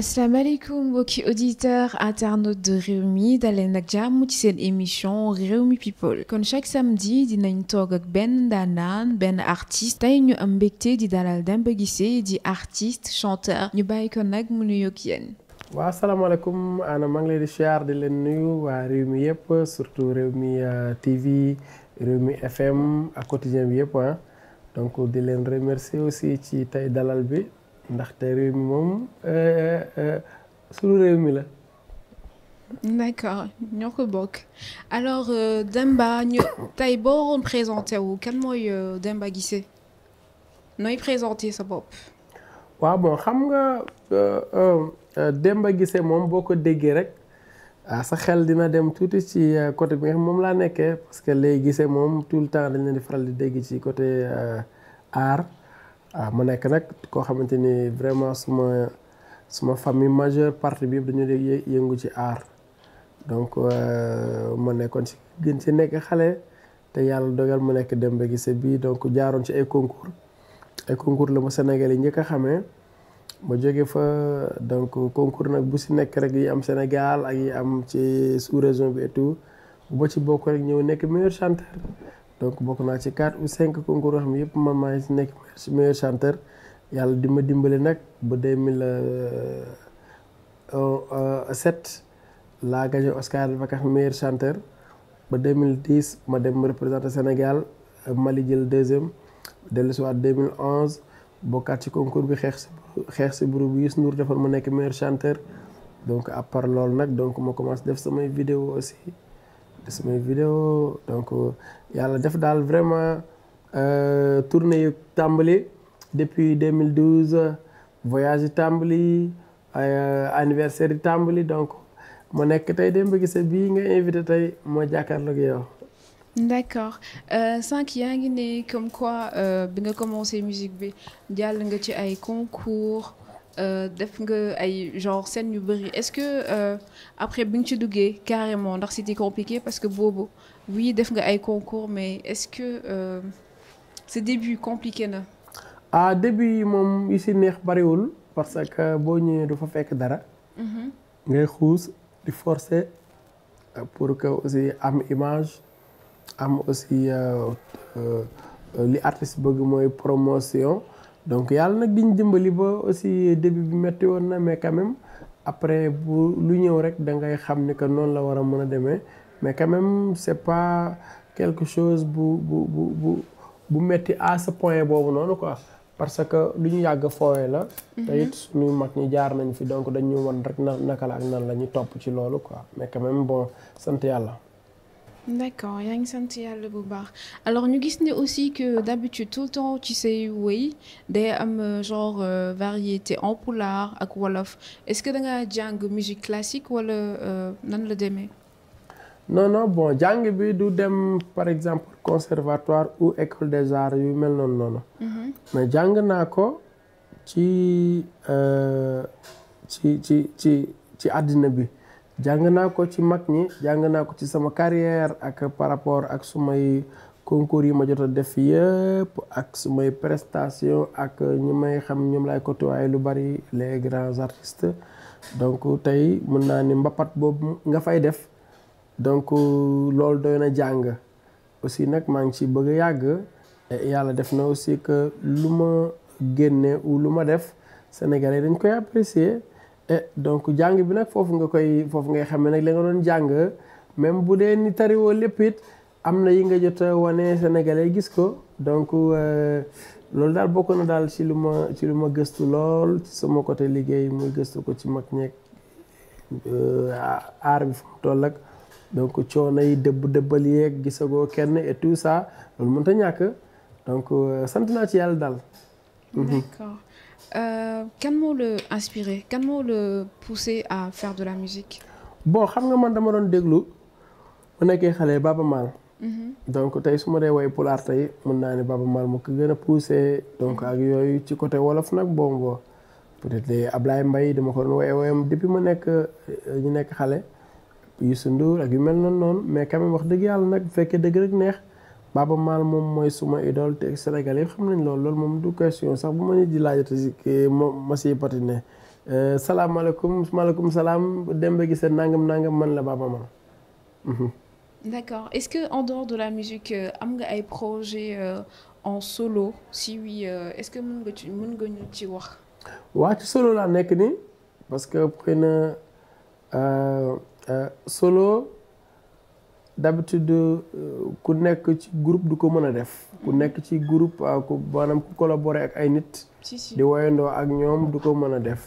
assalaamu alaykum mbokki auditeurs internautes de Rewmi daleen nag jàmm ci seen émission mi People kon chaque samedi dinañ toog ak benn ndaanaan benn artiste tey ñu am mbégte di dalal Demba Guissé di artiste chanteur ñu bàyyi ko nag mu nuyoog yéen waaw asalaamaaleykum ana maa ngi leen di siyaar di leen nuyu waa réew mi yëpp surtout réew Rewmi euh, TV mi FM ak quotidien bi yëpp ah donc di leen remercier aussi ci tey dalal bi ndaxte réew mi moom eh, eh, eh, sunu réew mi la. d'accord ñoo ko bokk alors euh, Demba ñu tey boo waroon présenté wu kan mooy euh, Demba Guissé nooy présenté sa bopp. waaw bon xam nga euh, euh, Demba Guissé moom boo ko déggee rek ah, sa xel dina dem tuuti ci euh, côté bi nga xam moom laa nekkee parce que léegi Guissé moom tout le temps dañ leen di faral di dégg ci côté euh, art. waaw ah, ma nekk nag koo xamante ni vraiment suma suma famille majeure partie bi yëpp dañu dee yëngu ci aar donc euh, ma nekkoon ci gën ci nekk xale te yàlla dogal mu nekk Demba Guissé bii donc jaaroon ci ay concours ay concours la ma Sénégal yi njëkk a xamee ma jóge fa donc concours nag bu si nekk rek yi am Sénégal ak yi am ci sous-région bi et tout ba ci bokk rek ñëw nekk meilleur chanteur donc bokk naa ci quatre ou cinq concours yoo xam ne yëpp man maa ngi nekk meilleur chanteur yàlla di ma dimbali nag ba deux mille euh, sept laa gagné Oscar de Vacances meilleur chanteur ba deux mille dix ma dem représenter Sénégal Mali jël deuxième dellu si waat deux mille onze bokkaat ci concours bi xeex si xeex si groupe bi Youssou Ndour defar nekk meilleur chanteur donc à part loolu nag donc ma commencé def samay vidéo aussi samay vidéo donc yàlla def daal vraiment euh, tournée yu tàmbali depuis deux mille 2012 voyage yi tàmbali euh, anniversaire yi tàmbali donc mu nekk tey Demba Guissé bi nga invité tey moo jàkkaarloog yow. d'accord euh, sànq yaa ngi ne comme quoi bi nga commencé musique bi jàll nga ci ay concours. Euh, def nga ay genre scène yu bëri est-ce que euh, après bi nga ci duggee carrément ndax di compliqué parce que boobu oui def nga ay concours mais est-ce que euh, ce début compliqué na. ah début yi moom yi si neex bariwul parce que boo ñëwee du fa fekk dara. Mm-hmm. ngay xuus di forcer pour que aussi am image am aussi li artiste bëgg mooy promotion. donc yàlla nag diñ dimbali ba aussi début bi metti woon na mais quand même après bu lu ñëw rek da ngay xam ni que noonu la war a mën a demee mais quand même est pas quelque chose bu bu bu bu metti à ce point boobu noonu ko parce que lu ñu yàgg fooye la mhm. te it suñu mag ñi jaar nañ fi donc dañu won rek na naka la ak nan la ñu topp ci loolu quoi mais quand même bon sant yàlla d'accord yaa ngi sant yàlla bu baax alors ñu gis ni aussi que d'habitude tout le temps ci say wéy day am euh, genre euh, variété en pulaar ak wolof est-ce que da nga jàng musique classique wala euh, nan la demee non bon jàng bi du dem par exemple conservatoire ou école des arts yu mel noonu noonu mm-hmm. mais jàng naa ko ci ci ci ci ci àddina bi jàng naa ko ci mag ñi jàng naa ko ci sama carrière ak par rapport ak sumay concours yi ma jot a def yëpp ak su may prestation ak ñu may xam ñoom laay côtoyer lu bari les grands artistes donc tey mën naa ni mbapat boobu nga fay def donc loolu doy na jàng aussi nag maa ngi ci bëgg a yàgg yàlla def na aussi que lu ma génne lu ma def Sénégalais dañ koy apprécier Eh, donc jàng bi nag foofu nga koy foofu ngay xamee nag la nga doon jàng même bu dee ni tariwoo lépp am na yi nga jot a wane sénégalais gis ko donc euh, loolu daal bokk na daal ci lu ma ci lu ma gëstu lool ci sama côté liggéey muy gëstu ko ci mag ñeeg euh, aar bi fu mu toll ak donc coono yi dëbb dëbbal yeeg gisagoo kenn et tout ça loolu mënut ñàkk donc euh, sant naa ci yàlla daal. kan euh, moo la inspiré kan moo la poussé à faire de la musique. bon xam nga man dama doon déglu ma nekkee xale Baaba Maal. Mhm. donc tey su ma dee woy pulaar tey mën naa ne Baaba Maal mu ko gën a poussé donc mhm. ak yooyu ci côté wolof nag bon bon peut-être Ablaye mbay dama ko doon woy woyam depuis ma nekk euh, ñu nekk xale. Youssou Ndour ak yu mel noonu noonu mais quand wax dëgg yàlla nag bu fekkee dëgg rek neex. Baaba Maal moom mooy suma idole te Sénégal yëpp xam nañ loolu loolu moom du question sax bu ma nit di laajate si kii moom ma siy patiné euh, salaamaaleykum maaleykum salaam dem Demba Guissé nangam nangam man la Baaba Maal. Mhm. d'accord est-ce que en dehors de la musique euh, am nga ay projet euh, en solo si oui est-ce que mën nga ci mën ñu ci wax. waa ci solo laa nekk nii parce que xëy na solo. d'habitude euh, ku nekk ci groupe du ko mën a def ku mm-hmm. nekk ci groupe ah, ku maanaam ku collaborer ak ay nit di woyandoo ak ñoom du ko mën a def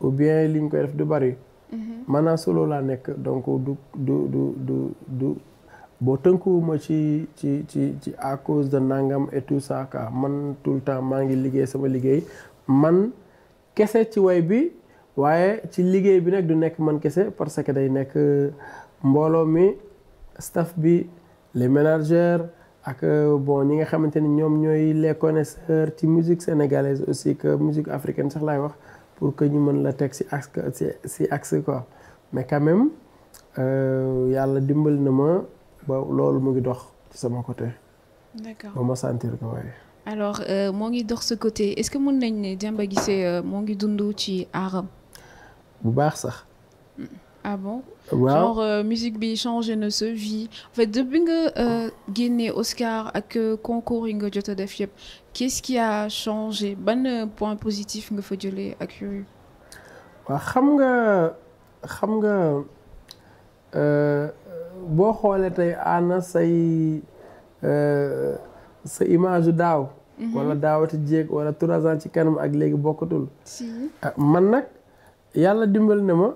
ou bien li ñu koy def du bari mm-hmm. maanaam solo laa nekk donc du du du du du boo tënkuwuma ci ci ci ci à cause de nangam et tout ça quoi man tout le temps maa ngi liggéey sama liggéey man kese ci woy bi waaye ci liggéey bi nag du nekk man kese parce que day nekk euh, mbooloo mi staff bi les managers ak euh, bon ñi nga xamante ni ñoom ñooy les connaisseurs ci musique sénégalaise aussi que musique africain sax laay wax pour que ñu mën la teg si axe si si axe mais quand même euh, yàlla dimbali na ma ba loolu mu ngi dox ci sama côté. d'accord ma sentir ko waaye. alors euh, moo ngi dox sa côté est-ce que mën nañ ne Demba Guissé moo ngi dund ci aaram. bu baax sax. ah waaw genre euh, musique bi changé na sa vie en fait depuis nga euh, génnee Oscar ak euh, concours yi nga jot a def yëpp qu'est-ce qui a changé ban point positif nga fa jëlee ak yooyu. waa xam nga xam nga boo xoolee tey ana say sa image daaw. Mhm. wala daawati jéeg wala trois ans ci kanam ak léegi bokkatul. Ah, man nag yàlla dimbal na ma.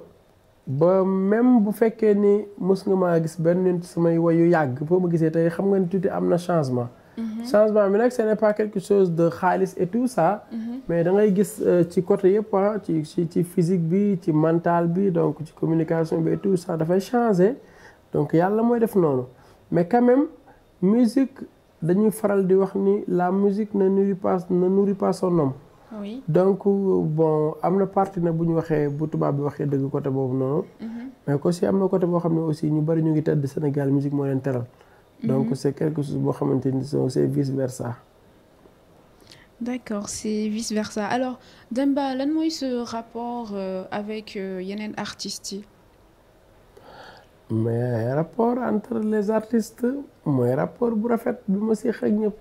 ba même bu fekkee ni mës nga maa gis benn nit samay wayu yàgg boo ma gisee tey xam nga ni tuuti am na changement. Mhm. changement bi nag ce n'est pas quelque chose de xaalis et tout ça. Mhm. mais da ngay gis euh, ci côté yëpp ah ci ci ci physique bi ci mantal bi donc ci communication bi et tout ça dafay changer donc yàlla mooy def noonu mais quand même musique dañuy faral di wax ni la musique na nourrit pas ne nourrit pas son oui donc bon am na partie nag bu ñu waxee bu tubaab bi waxee dëgg côté boobu noonu. Mhm. mais aussi am na côté boo xam ne aussi ñu bari ñu ngi tëdd Sénégal musique moo leen teral. Mhm. donc c' est quelque chose boo xamante ni c' est vice versa. d' accord c' est vice versa alors Demba lan mooy ce rapport euh, euh, yeneen artistes yi. mais rapport les artistes mooy rapport bu rafet bi ma si xëy ñëpp.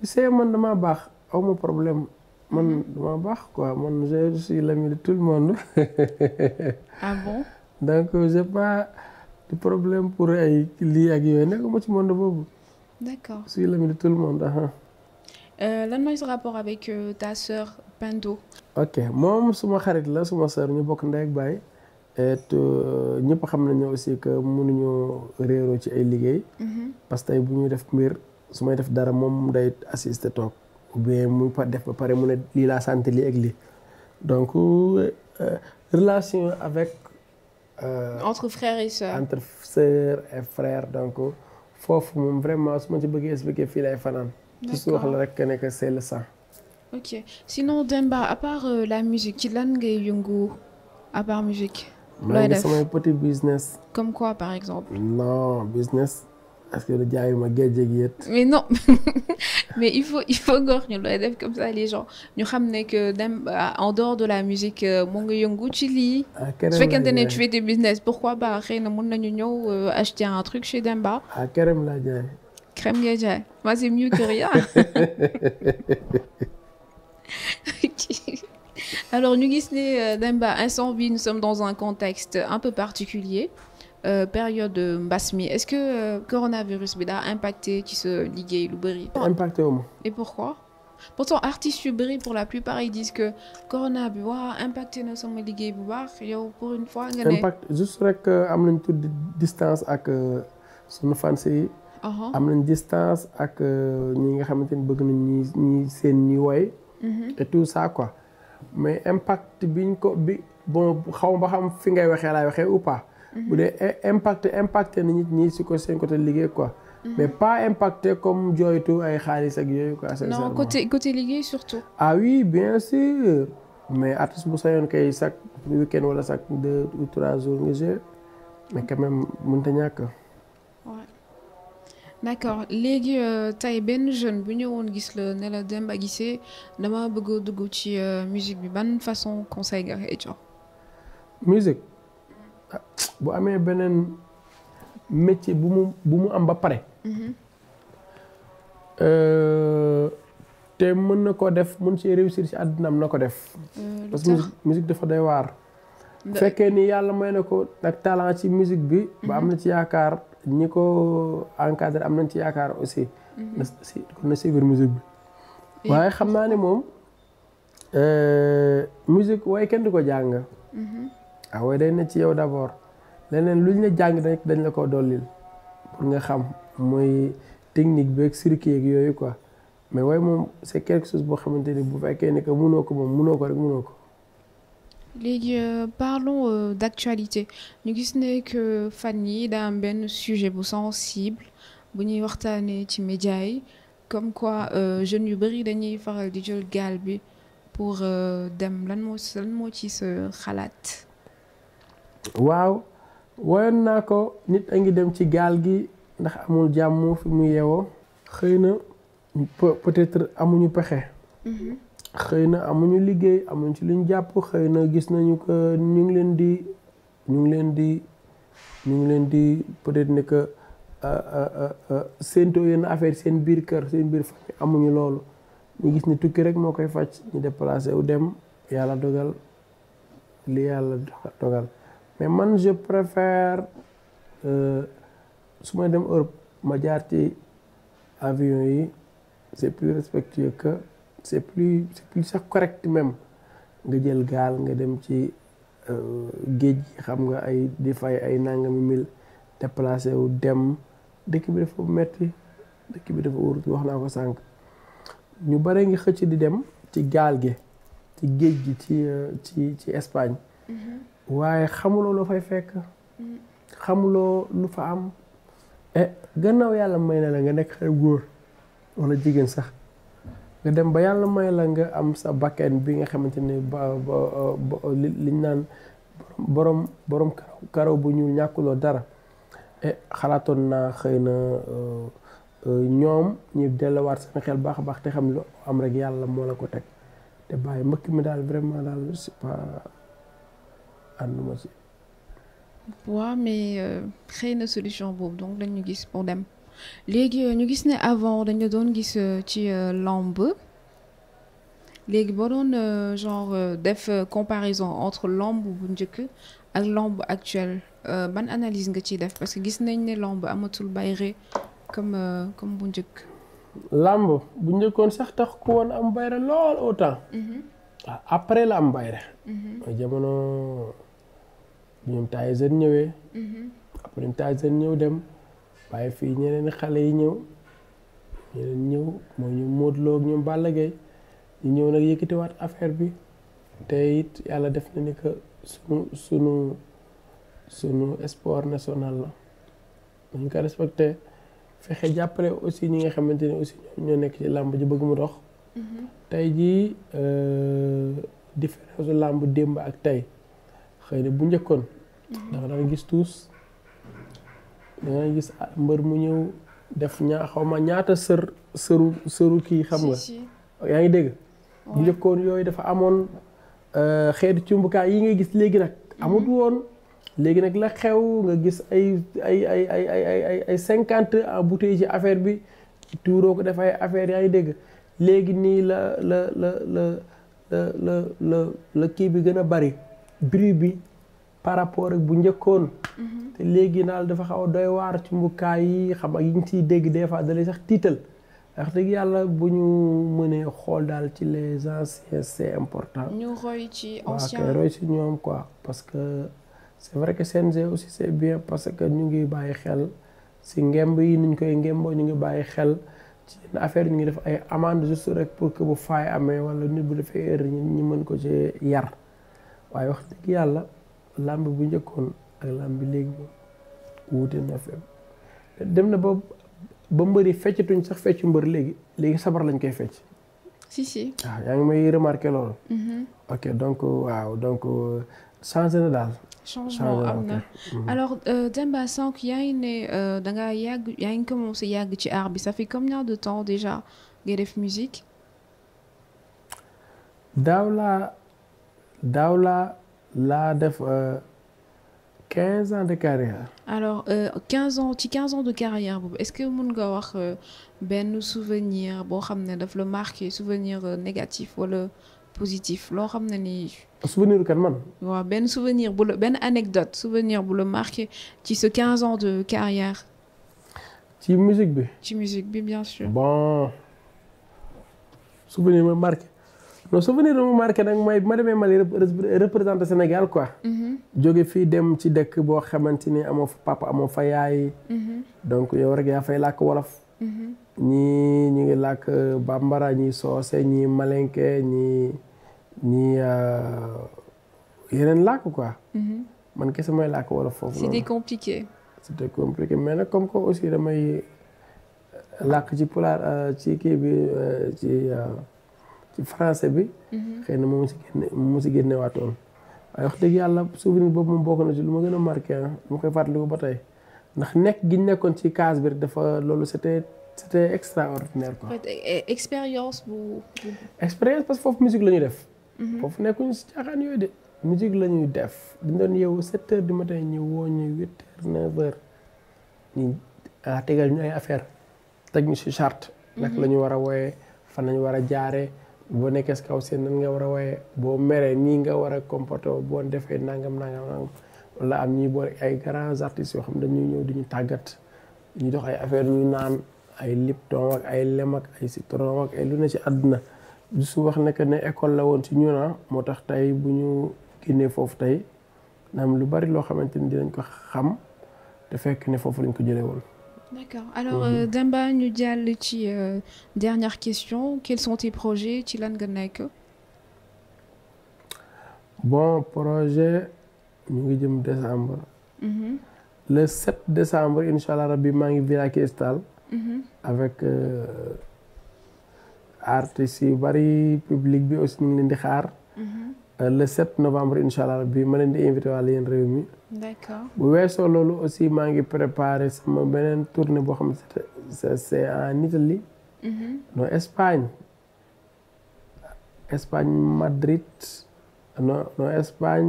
tu sais man damaa baax aw problème. man dama baax quoi man je suis l'ami de tout le monde. ah donc j'ai pas de problème pour ay lii ak yooyu nekkuma ci monde boobu. d'accord je suis l'ami de tout le monde ah. lan mooy sa rapport avec euh, ta sœur Pendo. ok moom suma xarit la suma sœur ñu bokk ndey ak baay. et euh, xam nañu aussi que mënuñu réeroo ci ay liggéey. Mm-hmm. parce que bu ñuy def mbir su may def dara moom day assister toog. ou bien mu def ba pare mu ne lii laa sant lii ak lii donc euh, relation avec. Euh, entre frères et sœurs. et frères donc foofu moom vraiment su ma ci bëggee expliquer fii lay fanaan. ci su wax la rek que ne que c'est le sang. ok Demba à part euh, la musique ci lan ngay yëngu à part musique. looy def maa ngi samay petit business. comme quoi par exemple. non business. parce que jaayu ma géej gi yët mais non mais il faut il faut góor ñu looy def comme ça les gens ñu xam ne que dem euh, en dehors de la musique euh, mu nga yëngu ci lii. Ah, su fekkente ne tu fais des business pourquoi pas xëy na mun nañu ñëw euh, acheter un truc chez Demba. crème laa jaay. crème c'est mieux que rien. alors ñu gis ne Demba instant bi nous sommes dans un contexte un peu particulier. Euh, période mbas mi est-ce que euh, coronavirus bi daa impacté ci sa liggéey lu bëri. impacté wu ma. et pourquoi pourtant artistes yu bëri pour la plupart ils disent que corona bi waa impacté na sama liggéey bu baax yow pour une fois. nga ne euh, am nañ tudd distance ak sunu fans yi. am nañ distance ak ñi nga xamante ni bëgg nañ ñi ñi seen ñi woy. Mhm. et tout ça quoi mais impact biñ ko bi bon xaw ma xam fi ngay waxee laay waxee ou pas. bu dee impacte impacté na nit ñi si ko seen côté liggéey quoi. Mhm. mais pas impacte comme jooytu ay xaalis ak yooyu quoi. sincèrement côté côté liggéey surtout. ah oui bien sûr mais artiste bu sañoon kay chaque week-end wala chaque deux ou trois jours nga joué mais quand même mënut a ñàkk. d'accord léegi euh, tey benn jeune bu ñëwoon gis la ne la Demba Guissé dama bëgg dugg ci euh, musique bi ban façon conseil nga koy jox. musique. bu amee beneen métier bu mu bu mu am ba pare. Mhm. Euh, te mën na ko def mën see réussir si àddinaam na ko def. Euh, parce que musique dafa day waar. fekkee ni yàlla may na ko nag talent ci musique bi. ba am na mhm. ci yaakaar ñi ko encadré am nañ ci yaakaar aussi. Mhm. na si na bi. waaye xam naa ne moom euh, musique waaye kenn du ko jàng. waaw ah day ne ci yow d'abord leneen ñu la jàng rek dañ la ko dollil pour nga xam mooy technique bi ak circuit yooyu quoi mais waaye moom c'est quelque chose boo xamante ni bu fekkee ni que mënoo ko moom mënoo ko rek mënoo ko. léegi euh, parlons euh, d'actualité ñu gis ne que fan yi daa benn sujet bu sensible bu ñuy waxtaanee ci médias yi comme quoi euh, jeunes yu bari dañuy faral di jël gaal bi pour euh, dem lan moo lan moo ci sa xalaat. waaw woyoon naa ko nit a ngi dem ci gaal gi ndax amul jàmm fi mu yewoo xëy na peut-être amuñu pexe mhm. xëy na amuñu liggéey amuñ ci luñ jàpp xëy na gis nañu que ñu ngi leen di ñu ngi leen di ñu ngi leen di peut-être ne que euh, euh, euh, séentoo yenn affaire seen biir kër seen biir famille amuñu loolu ñu gis ni tukki rek moo koy faj ñu déplacé wu dem yàlla dogal li yàlla dogal mais man je préfère euh, su may dem Europe ma jaar ci avion yi c'est plus respectueux que c'est plus c'est plus sax correct même nga jël gaal nga dem ci euh, géej gi xam nga ay di fay ay nangami mil déplacé wu dem dëkk bi dafa metti dëkk bi dafa wóorut wax naa ko sànq ñu bare ngi xëcc di dem ci gaal gi ci géej gi ci euh, ci ci Espagne mm-hmm. waaye xamuloo loo fay fekk xamuloo lu fa am e gannaaw yàlla may na la nga nekk xale góor wala jigéen sax nga dem ba yàlla may la nga am sa bakken bi nga xamante ne ba liñ naan borom borom karaw bu ñuul ñàkkuloo dara eh, xalaatoon naa xëy na euh, euh, ñoom ñu delluwaat seen xel baax a baax te xam lu am rek yàlla moo la ko teg te bàyyi mbëkk mi daal vraiment daal c'est pas ànduma si. waaw mais xëy euh, na solution boobu donc lañu gis pour dem léegi euh, ñu gis ne avant dañu doon gis euh, ci lamb léegi ba doon genre def comparaison entre lamb bu njëkk ak lamb actuelle ban analyse nga ciy def parce que gis nañ ne lamb amatul bayre comme comme bu njëkk. lamb bu njëkkoon sax tax ku woon am bayre lool autant. Mhm. Ah, après la am bayre. Mhm. jamono. bi ñoom Tyson ñëwee. après ñoom Tyson ñëw dem waaye fii ñeneen xale yi ñëw ñeneen ñëw mooy ñoom Modou Lo ak ñoom Balla Gaye ñu ñëw nag yëkkatiwaat affaire bi te it yàlla def na ni que sunu sunu sunu sport national la dañ ko respecté fexe jàppale aussi ñi nga xamante ne aussi ñoo nekk ci làmb ji bëgg mu dox. Mhm. tey jii euh, différence làmb démb ak tey. xëy na bu njëkkoon dafa daan gis tuus danga gis mbër mu ñëw def ñaa ñaata sër sëru sëru kii xam nga yaa ngi dégg bu njëkkoon yooyu dafa amoon euh, xeetu cumbukaay yi ngay gis léegi nag mm-hmm. amut woon léegi nag la xew nga gis ay ay ay ay ay ay ay cinquante en bouteille ci affaire bi tuuroo ko def ay affaire yaa ngi dégg léegi nii la la la la la la la kii bi gën a bari bruit bi par rapport ak bu njëkkoon. Mhm. te léegi naal dafa xaw a doy waar ci mbukaay yi xam ak yi ñu ciy dégg des fois da lay sax tiital ndax dëgg yàlla bu ñu mënee xool daal ci les anciens c'est important. ñu ci anciens ñoom quoi parce que c'est vrai que CNG aussi c'est bien parce que ñu ngi bàyyi xel si ngemb yi nuñ koy ngemboo ñu ngi bàyyi xel ci affaire ñu ngi def ay amende juste rek pour que bu faay amee wala nit bu defee erreur ñi mën ko ci yar. waaye wax dëgg yàlla làmb bu njëkkoon ak làmb bi léegi moom wuute na fem dem na ba ba mbëri feccatuñ sax feccu mbër léegi léegi sabar lañ koy fecc si si waaw ah, yaa ngi may remarqué loolu mm-hmm. ok donc waaw donc changé na daal changement am na mm-hmm. alors euh, Demba Sànq yaa ngi ne euh, da ngaa yàgg yaa ngi commencé yàgg ci art bi ça fait combien de temps déjà ngay def musique daaw laa daaw laa laa def euh, quinze ans de carrière. alors euh, quinze ans ci quinze de carrière boobu est-ce que mën nga wax euh, benn souvenir boo xam ne daf la marqué souvenir négatif walla positif loo xam ne ni. souvenir kan man. waaw benn souvenir bu la benn anecdote souvenir bu la marqué ci ce quinze ans de carrière. ci musique bi. ci musique bi bon souvenir ma marqué. non souvenir bi mu marqué nag mooy ma demee Mali représenté Sénégal quoi. Mhm. jóge fii dem ci dëkk boo xamante ni amoo fa papa amoo fa yaay. Mhm. donc yow rek yaa fay làkk wolof. Mhm. ñii ñu ngi làkk bambara ñii soose ñii malenke ñii ñii euh, yeneen làkk quoi. man kese mooy làkk wolof foofu. c'était compliqué. c'était compliqué mais nag comme que aussi damay làkk ci pulaar euh, ci kii bi euh, ci. ci français bi. Mhm. xëy na moom si génne moom si génne waatoon waaye wax dëgg yàlla souvenir boobu moom bokk na ci lu ma gën a marqué ah ma koy fàttaliku ba tey ndax nekk gi nekkoon ci case dafa loolu c'était c'était extraordinaire quoi. expérience bu. expérience parce que foofu musique la ñuy def. Mhm. foofu nekkuñu si caaxaan yooyu de. musique la ñuy def dañu doon yeewu sept heures du matin ñu woo ñu huit heures neuf heures ñu ah, tegal ñu ay affaire teg ñu si charte. nag mhm. la ñu war a wooyee fan la ñu war a jaaree. boo nekkee si kaw seen nan nga war a waaye boo meree nii nga war a comporté boo defee nangam nangam nangam wala ñii ñuy boole ay grands artistes yoo xam ne dañuy ñëw di ñu tàggat ñu jox ay affaire ñu naan ay lipton ay lemak ak ay citron lu ne si àdduna du su wax ne ne école la woon si ñu na ah, moo tax tey bu ñu génnee foofu tey naam lu bari loo xamante ni dinañ ko xam te fekk ne foofu lañ ko jëlee woon. d'accord alors mhm. euh, Demba ñu jàll ci dernière question quels sont tes projets ci lan nga nekk. bon projet ñu ngi jëm décembre. Mhm. le 7 décembre incha allah rabbi maa ngi villa Cristal. Mhm. avec euh, artistes yu bari public bi aussi ñu ngi leen di xaar. Euh, le 7 novembre incha bi ma leen di invité waa yéen réew mi. d'accord bu weesoo loolu aussi maa ngi préparé sama beneen tournée boo xam ne c'est en Italie. Mm-hmm. non Espagne. Espagne Madrid non non mm-hmm. maa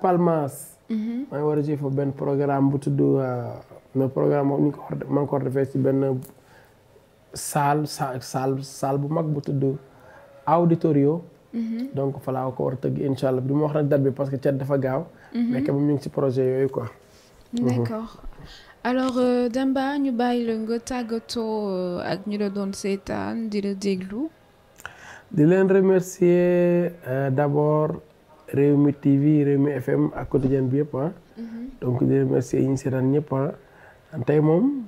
ngi war a ji benn programme bu tudd no euh, programme moom ni ko maa ngi bu mag bu tudd auditorio. Mm-hmm. donc fa laa ko war a tëgg incha allah bi mu wax nag dar bi parce que cat dafa gaaw. Mm-hmm. mais quand même ñu ngi ci projet yooyu quoi. Mm-hmm. d'accord alors euh, ñu bàyyi la nga tàggatoo euh, ak ñu la doon seetaan di la déglu. di leen remercier euh, d'abord Rewmi TV Rewmi FM ak quotidien bi yëpp ah. donc di remercier yi ñu seetaan ñëpp ah. tey moom.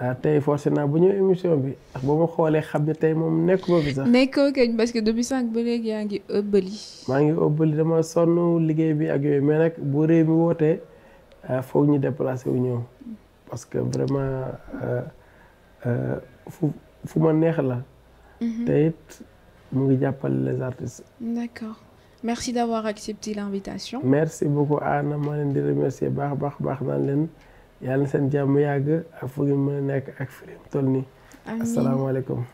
ah tey forcé naa bu ñëw émission bi ndax boo ma xoolee xam ne tey moom nekk ko fi sax. nekkoo keñ parce que depuis sànq ba léegi yaa ngi ëbbali. maa ngi ëbbali dama sonn liggéey bi ak yooyu mais nag bu réew mi wootee ah, foog ñu déplacé wu ñëw parce que vraiment ah, ah, fu fu ma neex la. Mhm. te it mu ngi jàppale les artistes. d'accord merci d'avoir accepté l'invitation. merci beaucoup Anna maa leen di remercier baax baax baax naa leen. yàlla na seen jàmm yàgg ak fu nekk ak fi ngeen toll nii. amiin asalaamaaleykum.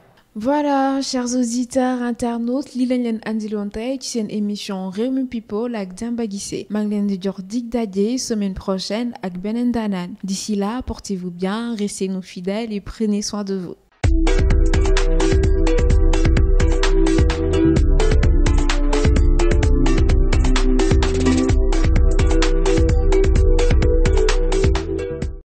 voilà chers auditeurs internautes lii lañ leen andiloon tey ci seen émission Rewmi People ak Demba Guissé maa ngi leen di jox dig daje semaine prochaine ak beneen daanaan d'ici là portez-vous bien restez-nous fidèles et prenez soin de vous.